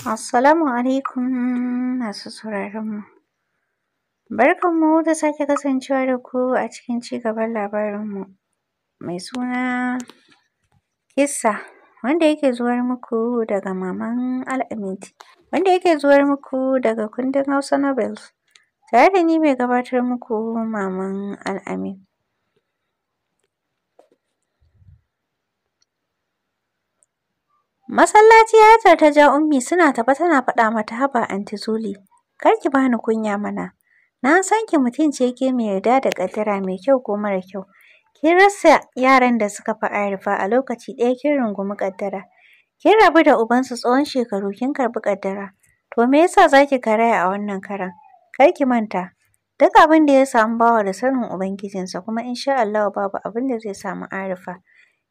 Assalamu alaikum masu barkan Barkanmu da sake kasancewa da ku a cikin ci cigaban labarinmu mai suna kissa wanda yake zuwar muku daga Maman Al'aminti wanda yake zuwar muku daga kundin Hausa Novels tare da ni mai gabatar muku Maman Al'amin. Masallaci Hajar ta ja ummi suna tafa tana faɗa mata haba anti Zuli. Kar ki bani kunya mana. Na san ki mutum ce ke mai yarda da ƙaddara mai kyau ko mara kyau. Kin rasa yaran da suka fi arifa a lokaci ɗaya kin rungumi ƙaddara. Kin rabu da ubansu tsawon shekaru kin karɓi ƙaddara. To me yasa za karaya a wannan karan? Kar ki manta. Duk abin da ya samu bawa da sanin Ubangijinsa kuma insha Allah babu abin da zai samu arifa.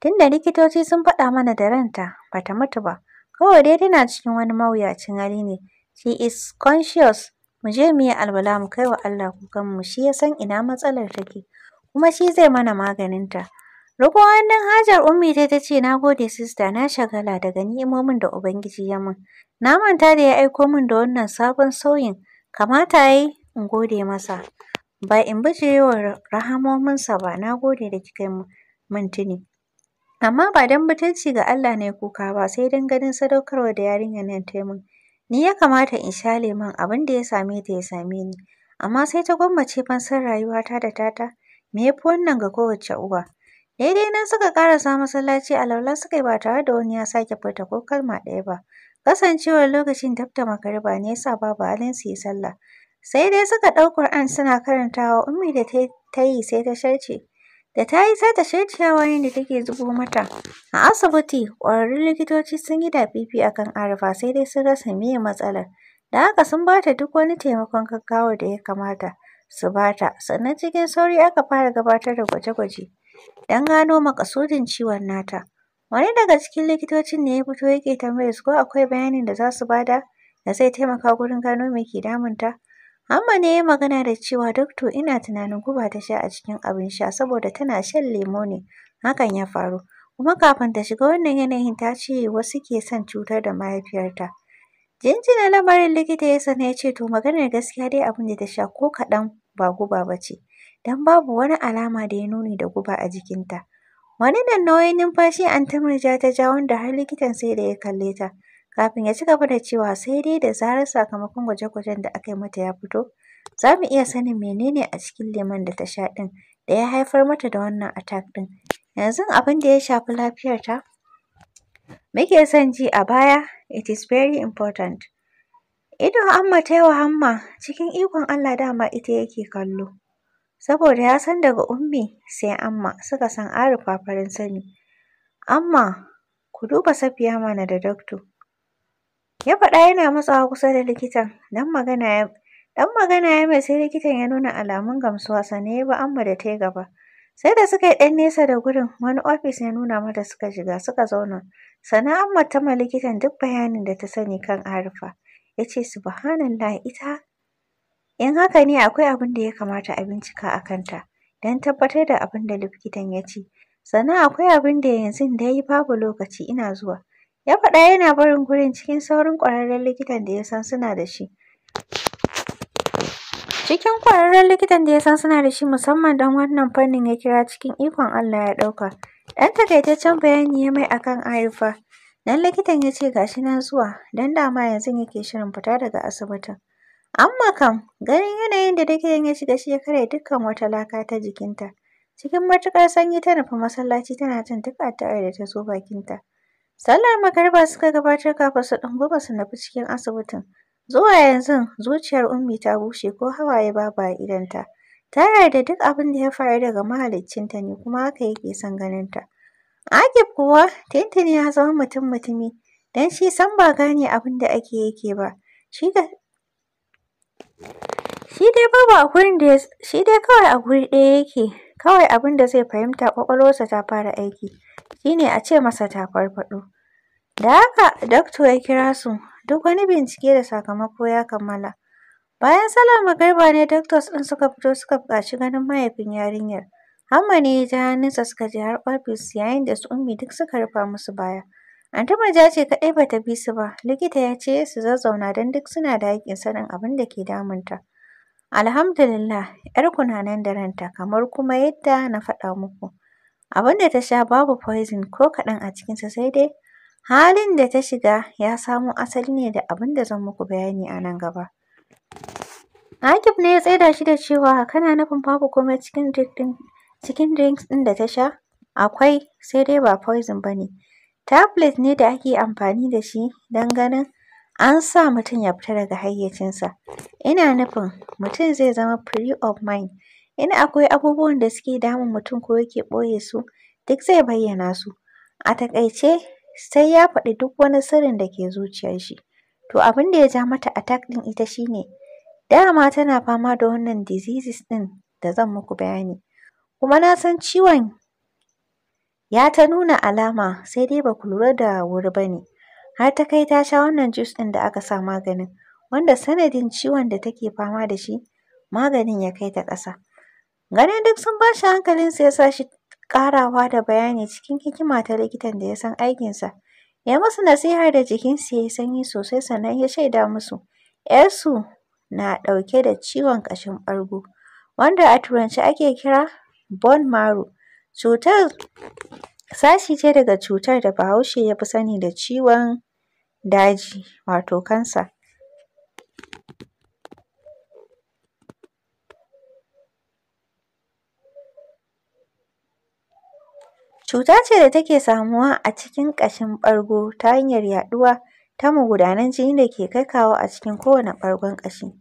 tunda likitoci sun faɗa mana da ranta ba ta mutu ba kawai dai tana cikin wani mawuyacin hali ne she is conscious mu je mu yi alwala mu kai wa Allah kukanmu shi ya san ina matsalar take kuma shi zai mana maganinta roƙo wannan hajar ummi ta ta ce na gode sista na shagala daga ni'imomin da ubangiji ya mun. na manta da ya aiko min da wannan sabon sauyin kamata yayi in gode masa ba in bijirewa rahamominsa ba na gode da kika yi tuni Amma ba don mutunci ga Allah ne kuka ba sai don ganin sadaukarwa da yarinyar nan ta yi Ni ya kamata in sha lemon abin da ya same ta ya same ni. Amma sai ta gwammace fansar rayuwata da tata. Me ya fi wannan ga kowace uwa? Daidai nan suka ƙarasa masallaci a laulan suka yi ba tare da wani ya sake furta ko kalma ɗaya ba. Kasancewar lokacin tafta magariba ne ya sa babu halin su yi sallah. Sai dai suka ɗau Qur'an suna karantawa Ummi da ta yi sai ta sharce. da ta yi sata ta ciyawa hawayen take zubo mata. A asibiti, ƙwararrun likitoci sun yi dafifi a kan Arifa sai dai sun rasa meye matsalar. Da haka sun ba ta duk wani taimakon gaggawar da ya kamata su ba ta, sannan cikin sauri aka fara gabatar da gwaje-gwaje don gano makasudin ciwon nata. Wani daga cikin likitocin ne ya fito yake tambayar su ko akwai bayanin da za su ba da da zai taimaka gurin gano me ke damunta. Hamma ne ya magana da cewa Dokto ina tunanin guba ta sha a cikin abin sha saboda tana shan lemo ne hakan ya faru. Kuma kafin ta shiga wannan yanayin ta ce wasu ke son cutar da mahaifiyarta. Jinjina lamarin likita ya sana ya ce to maganar gaskiya dai abin da ta sha ko kaɗan ba guba ba ce. Don babu wani alama da ya nuni da guba a jikinta. Wani nan nauyin numfashi an Anti Murja ta ja wanda har likitan sai da ya kalle ta. Kafin ya cigaba da cewa sai dai da zarar sakamakon gwaje-gwajen da aka yi mata ya fito, za mu iya sanin menene a cikin lemon da ta sha ɗin da ya haifar mata da wannan attack ɗin. Yanzu abin da ya shafi lafiyarta muke son ji a baya, it is very important. Idon Amma ta yi wa Hamma cikin ikon Allah dama ita yake kallo. Saboda ya san daga Ummi sai Amma suka san Arifa farin sani. Amma ku duba Safiya mana da Dakto. Ya faɗa yana matsawa kusa da likitan. Dan magana ya dan magana ya mai sai likitan ya nuna alamun gamsuwa sannan ya bi Amma da ta yi gaba. Sai da suka yi ɗan nesa da gurin wani ofis ya nuna mata suka shiga suka zauna. Sannan Amma ta ma likitan duk bayanin da ta sani kan Arifa. Ya ce subhanallah ita in haka ne akwai abin da ya kamata a bincika a kanta dan tabbatar da abin da likitan ya ce. Sannan akwai abin da yanzu da ya yi babu lokaci ina zuwa. Ya faɗa yana barin gurin cikin saurin ƙwararren likitan da ya san suna da shi. Cikin ƙwararren likitan da ya san suna da shi musamman don wannan fannin ya kira cikin ikon Allah ya ɗauka. Ɗan takaitaccen bayani ya mai akan Arifa. Nan likitan ya ce ga shi nan zuwa don dama yanzu yake shirin fita daga asibitin. Amma kam ganin yanayin da likitan ya shiga shi ya karya dukkan wata laka ta jikinta. Cikin matuƙar sanyi ta nufi masallaci tana jin duk addu'ar da ta zo bakinta. Sallar magariba suka gabatar kafin su goma su nufi cikin asibitin. Zuwa yanzu zuciyar Ummi ta bushe ko hawaye babu a idonta. Ta yarda duk abin da ya faru daga mahaliccinta ne kuma haka yake son ganinta. Akif kuwa Tintini ya zama mutum mutumi don shi sam ba gane abin da ake yake ba. Shi dai babu a gurin da shi dai kawai a guri ɗaya yake kawai abin da zai fahimta ƙwaƙwalwarsa ta fara aiki. Ki ne a ce masa ta farfaɗo. Da haka dakto ya kira su, duk wani bincike da sakamako ya kammala. Bayan salon magarba ne doctors ɗin suka fito suka buƙaci ganin mahaifin yarinyar. Hamma ne ya ja hannunsa suka je har ofis yayin da su Ummi duk suka rufa musu baya. Anti Murja ce kaɗai bata bi su ba, likita ya ce su zazzauna don duk suna da haƙƙin sanin abin da ke ta. Alhamdulillah, ‘yarku na nan da ranta kamar kuma yadda na faɗa muku. Abin da ta sha babu poison ko kaɗan a cikinsa sai dai halin da ta shiga ya samo asali ne da abin da zan muku bayani a nan gaba. Akif ne ya tsaida shi da cewa kana nufin babu komai cikin drink ɗin cikin drinks din da ta sha? Akwai sai dai ba poison ba ne. Tablet ne da ake amfani da shi don ganin an sa mutum ya fita daga hayyacinsa. Ina nufin mutum zai zama free of mind in akwai abubuwan da suke damun mutum ko yake ɓoye su duk zai bayyana su a taƙaice sai ya faɗi duk wani sirrin da ke zuciyar shi to abin da ya ja mata attack ɗin ita shine dama tana fama da wannan diseases ɗin da zan muku bayani kuma na san ciwon ya ta nuna alama sai dai ba ku lura da wuri ba ne har ta kai ta sha wannan juice ɗin da aka sa maganin wanda sanadin ciwon da take fama da shi maganin ya kai ta ƙasa Ganin duk sun ba bashi hankalinsa ya sa shi ƙarawa da bayani cikin hikima ta likitan da ya san aikinsa. Ya musu nasihar da jikinsu ya yi sanyi sosai sannan ya shaida musu ‘yarsu na ɗauke da ciwon ƙashin ɓargo wanda a turance ake kira bone marrow. Cutar sashi ce daga cutar da Bahaushe ya fi sani da ciwon daji wato cancer. Cuta ce da take samuwa a cikin ƙashin ɓargo ta hanyar yaɗuwa ta magudanan jini da ke kai kawo a cikin kowane ɓargon ƙashi.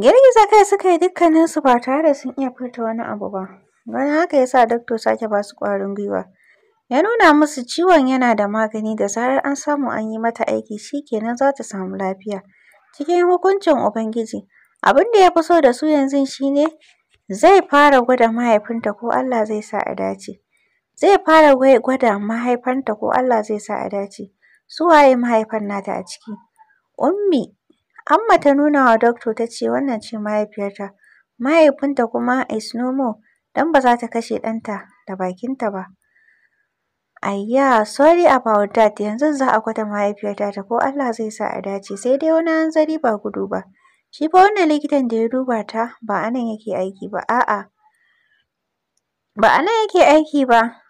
girgiza kai suka yi dukkaninsu ba tare da sun iya furta wani abu ba ganin haka ya sa dakto sake ba su ƙwarin gwiwa ya nuna musu ciwon yana da magani da zarar an samu an yi mata aiki shi kenan za ta samu lafiya cikin hukuncin ubangiji abin da ya fi so da su yanzu shi ne zai fara gwada mahaifinta ko allah zai sa a dace zai fara gwada mahaifanta ko allah zai sa a dace su waye mahaifan nata a ciki ummi Amma ta nuna wa Doctor ta ce wannan ce mahaifiyarta, mahaifinta kuma is no more don ba za ta kashe ɗanta da bakinta ba. Ayya, sorry about that, yanzu za a kwata mahaifiyarta ta ko Allah zai sa a dace, sai dai wani hanzari ba gudu ba. Shi fa wannan likitan da ya duba ta ba a nan yake aiki ba, a'a. Ba a nan yake aiki ba,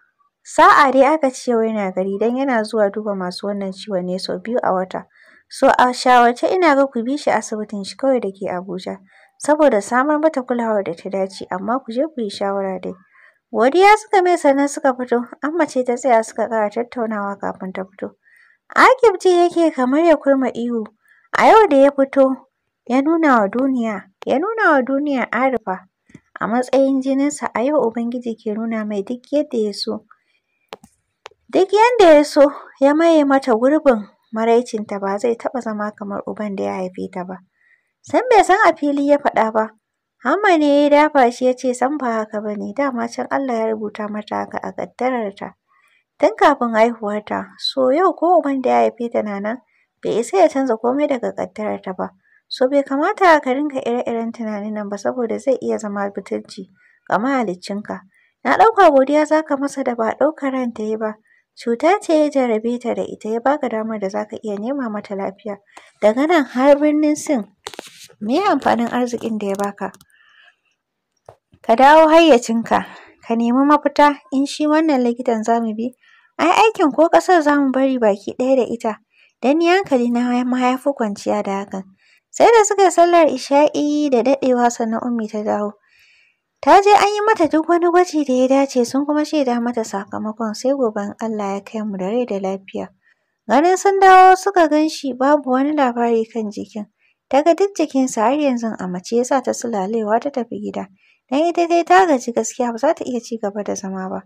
sa'a dai aka ce wai gari don yana zuwa duba masu wannan ciwon ne sau biyu a wata. So a shawarce ina ga ku bi shi asibitin shi kawai da ke Abuja saboda samar mata kulawar da ta dace amma ku je ku yi shawara dai. Godiya suka mai sannan suka fito, amma ce ta tsaya suka kara tattaunawa kafin ta fito. Akif ji yake kamar ya kurma ihu. A yau da ya fito ya nuna wa duniya, ya nuna wa duniya Arifa a matsayin jininsa a yau Ubangiji ke nuna mai duk yadda ya so. Duk yadda ya so ya maye mata gurbin maraicinta ba zai taɓa zama kamar uban da ya haife ta ba. Sam bai san a fili ya faɗa ba, Hamma ne ya dafa shi ya ce san ba haka ba ne, dama can Allah ya rubuta mata haka a kaddararta. Tun kafin haihuwarta, so yau ko uban da ya haife ta na nan bai isa ya canza komai daga kaddararta ba. So bai kamata ka ringa ire-iren tunanin nan ba saboda zai iya zama butulci ga mahaliccinka. Na ɗauka godiya za ka masa da ba ɗaukar ranta yi ba. Cuta ce ya jarabe ta da ita ya baka damar da zaka iya nema mata lafiya daga nan har birnin Sin. Me amfanin arzikin da ya baka? Ka dawo hayyacinka, ka nemi mafita in shi wannan likitan zamu bi. Ai aikin ko ƙasar zamu bari baki ɗaya da ita. Dan ni hankali na ma ya kwanciya da hakan. Sai da suka yi sallar isha'i da daɗewa sannan Ummi ta dawo. Ta je an yi mata duk wani gwaji da ya dace sun kuma shaida mata sakamakon sai gobe Allah ya kai mu da rai da lafiya. Ganin sun dawo suka gan shi babu wani labari kan jikin. Ta ga duk jikinsa har yanzu a mace ya sa ta sulalewa ta tafi gida. Dan ita dai ta gaji gaskiya ba za ta iya ci gaba da zama ba.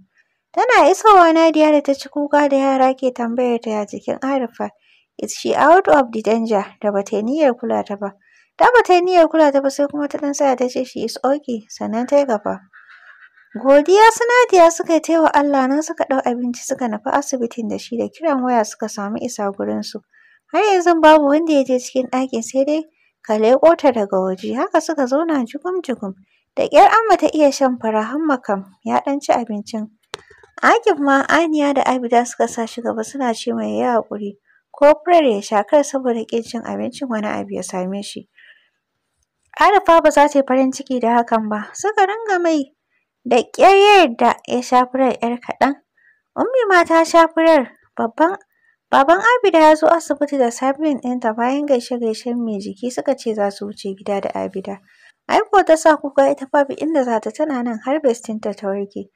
Tana isowa Nadiya da ta ci kuka da yara ke tambayar ta ya jikin Arifa. Is she out of the danger da ba ta yi niyyar kula ta ba. Da ba ta yi niyyar kula da ba sai kuma ta ɗan tsaya ta ce shi is oki sannan ta yi gaba. Godiya sanadiya suka yi ta wa Allah nan suka ɗau abinci suka nufi asibitin da shi da kiran waya suka samu isa gurinsu. Har yanzu babu wanda ya je cikin ɗakin sai dai ka leƙo ta daga waje haka suka zauna jugum-jugum. Da ƙyar Amma ta iya shan fara Hamma kam ya ɗan ci abincin. Akif ma Aniya da Abida suka sa shi gaba suna ce mai yayi haƙuri ko Furar ya sha kar saboda ƙin cin abincin wani abu ya same shi. arafa ba za ta yi farin ciki da hakan ba, suka ringa mai da ƙyayyar da ya sha ‘yar kaɗan. Ummi ma ta sha furar, babban baban Abida ya zo asibiti da ɗin, ɗinta bayan gaishe-gaishen mai jiki suka ce za su wuce gida da Abida. Aiko ta sa kuka ita fabi inda za ta tana nan har ta warke.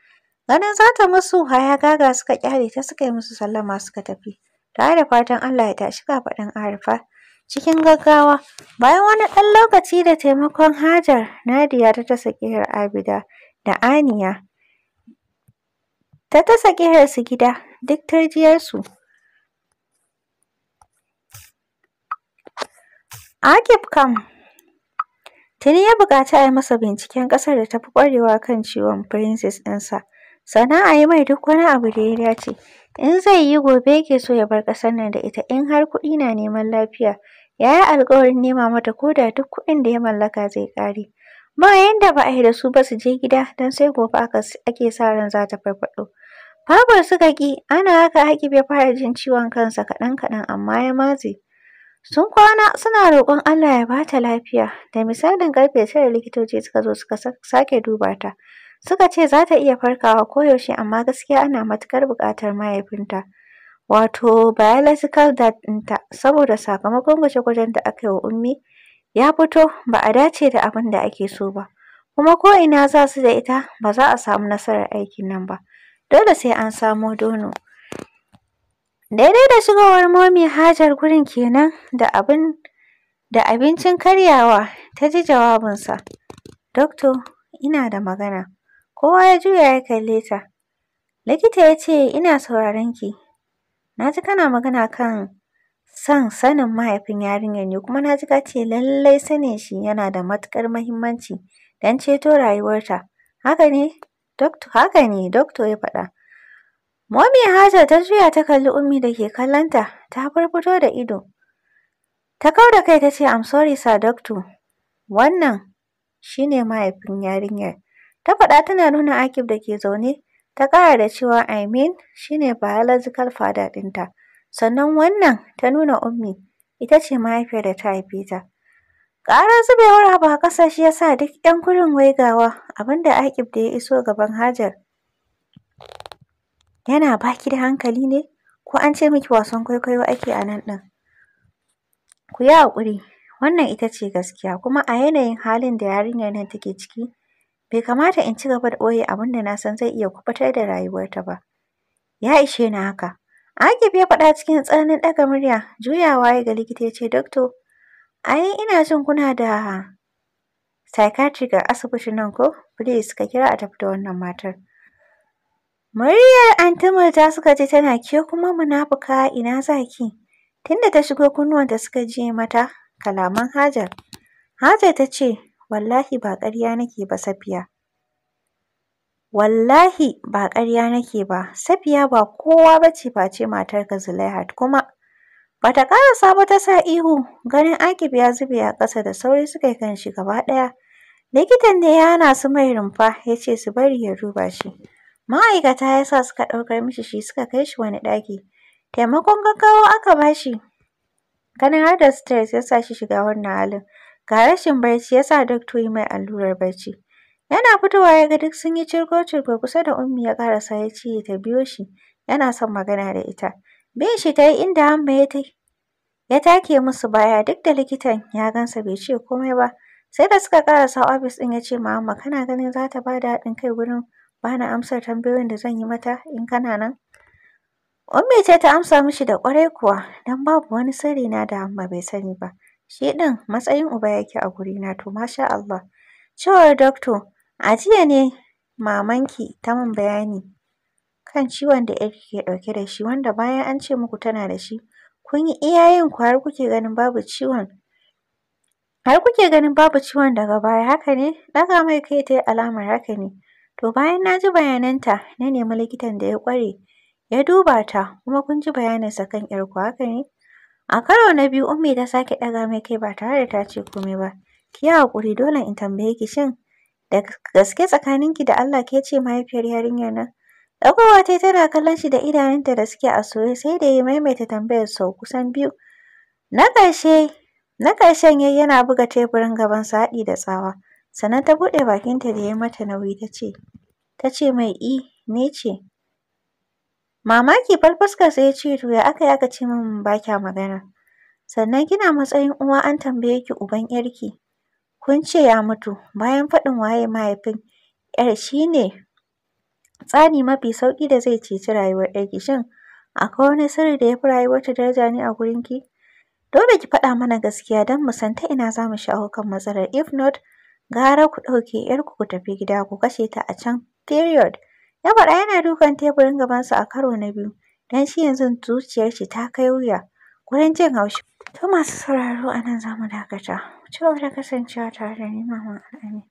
Ganin za ta musu haya gaga suka ƙyale ta suka yi musu sallama suka tafi. Tare da fatan Allah ya tashi kafaɗan Arafa. cikin gaggawa. Bayan wani ɗan lokaci da taimakon Hajar, Nadiya ta dasa Abida da Aniya. Ta dasa su gida duk su. Akif kam tuni ya buƙaci a yi masa binciken ƙasar da ta fi ƙwarewa kan ciwon princess ɗinsa, sannan a yi mai duk wani abu da ya dace. In zai yi gobe ke so ya bar ƙasar nan da ita in har kuɗi na neman lafiya. Ya yi alƙawarin nema mata ko da duk kuɗin da ya mallaka zai ƙare. Ba yanda ba a yi da su ba su je gida don sai gobe ake sa ran za ta farfaɗo. Babur suka ƙi, ana haka haki ya fara jin ciwon kansa kaɗan-kaɗan amma ya matse. Sun kwana suna roƙon Allah ya ba ta lafiya. Da misalin ƙarfe tara likitoci suka zo suka sake duba ta. Suka ce za ta iya farkawa koyaushe amma gaskiya ana matukar buƙatar mahaifinta. Wato biological dad ɗinta saboda sakamakon gwaje-gwajen da aka yi wa Ummi ya fito ba a dace da abin da ake so ba. Kuma ko ina za su da ita ba za a samu nasarar aikin nan ba. Dole sai an samo dono. Daidai da shigowar Momi Hajar gurin kenan da abin da abincin karyawa ta ji jawabinsa. Doctor ina da magana. Kowa ya juya ya kalle ta. Likita ya ce, Ina sauraron ki. Na ji kana magana kan san sanin mahaifin yarinyar ne kuma na ji ka ce lallai sanin shi yana da matuƙar muhimmanci don ceto rayuwarta. Haka ne? Doctor, haka ne, doctor ya faɗa. Mommy Hajar ta juya ta kalli Ummi da ke kallonta, ta farfito da ido. Ta kau da kai ta ce, I'm sorry sir doctor. Wannan shi ne mahaifin yarinyar. Ta faɗa tana nuna Akif da ke zaune, ta ƙara da cewa Aimin shine shi ne biological father ɗinta. Sannan wannan ta nuna Ummi, ita ce mahaifiyar da ta haife ta. Ƙarar zubewar abu a ƙasa shi ya sa duk 'yan gudun waigawa abinda Akif da ya iso gaban Hajar. Yana baki da hankali ne? Ko an ce miki wasan kwaikwayo ake a nan ɗin? Ku yi haƙuri, wannan ita ce gaskiya kuma a yanayin halin da yarinyar nan take ciki Bai kamata in ci gaba da ɓoye abin da na san zai iya kubutar da rayuwarta ba. Ya ishe ni haka. Agib ya faɗa cikin tsananin ɗaga murya, juyawa ya ga likita ya ce, Dokto, ai ina jin kuna da psychiatric a asibitin nan ko? Please ka kira a tafi da wannan matar. Muryar antumar ta suka ji tana ke kuma munafuka ina za ki? Tunda ta shigo kunnuwan kunnuwanta suka ji mata kalaman Hajar. Hajar ta ce, Wallahi ba ƙarya nake ba Safiya. Wallahi ba ƙarya nake ba. Safiya ba kowa bace ce face matarka Zulaihat kuma Bata ta ƙarasa ba ta sa ihu ganin Akif ya zube a ƙasa da sauri suka yi kan shi gaba ɗaya. Likitan ne ya hana su mai rumfa ya ce su bari ya duba shi. Ma'aikata ya sa suka ɗaukar mishi shi suka kai shi wani ɗaki. Taimakon gaggawa aka ba shi. Ganin har da stress ya sa shi shiga wannan halin. ga rashin barci ya sa dakto yi mai allurar barci. Yana fitowa yaga duk sun yi cirgo-cirgo kusa da Ummi ya karasa ya ce ta biyo shi, yana son magana da ita. Bin shi ta yi inda Hamma ya tai ya take musu baya duk da likitan ya gansa bai ce komai ba. Sai da suka karasa ofis ɗin ya ce ma Hamma kana ganin za ta ba da haɗin kai wurin bani amsar tambayoyin da zan yi mata in kana nan? Ummi ce ta amsa mishi da kwarai kuwa dan babu wani sirri na da Hamma bai sani ba. Shi ɗin matsayin uba yake a gurina. to masha Allah. Cewar Doctor, a jiya ne mamanki ta min bayani kan ciwon da ‘yarki ke ɗauke da shi wanda bayan an ce muku tana da shi, kun yi iya ku har kuke ganin babu ciwon har kuke ganin babu ciwon daga baya haka ne? Ɗaga mai kai ta yi alamar haka ne. To bayan na ji bayananta na nemi likitan da ya ƙware ya duba ta kuma kun ji bayaninsa kan ‘yarku haka ne? A karo na biyu Ummi ta sake ɗaga mai kai ba tare da ta ce komai ba. Ki yi haƙuri dole in tambaye ki shin da gaske tsakaninki da Allah ke ce mahaifiyar yarinyar nan? Ɗagowa tai tana kallon shi da idanunta da suke a soye sai da ya maimaita tambayar sau kusan biyu. Na ƙarshe na ƙarshen yayi yana buga teburin gaban su haɗi da tsawa. Sannan ta buɗe bakinta da ya mata nauyi ta ce mai i ni ce. Mamaki fuskarsa ya ce to ya aka yi aka ce min ba kya magana? Sannan kina matsayin uwa an tambaye ki uban 'yarki. Kun ce ya mutu bayan faɗin waye mahaifin 'yar shi ne tsani mafi sauƙi da zai ceci rayuwar 'yarki. Shin akwai wani sirri da ya fi ta daraja ne a gurin ki? Dole ki faɗa mana gaskiya don mu san ta ina za mu shawo kan matsalar. If not, gara ku ɗauke 'yarku ku tafi gida ku kashe ta a can period. Ya faɗa yana dukan teburin gabansa a karo na biyu, don shi yanzu zuciyar shi ta kai wuya wurin jin haushi. To masu sauraro a nan za mu dakata. Ku ci gaba da kasancewa tare da ni Maman Al'amin.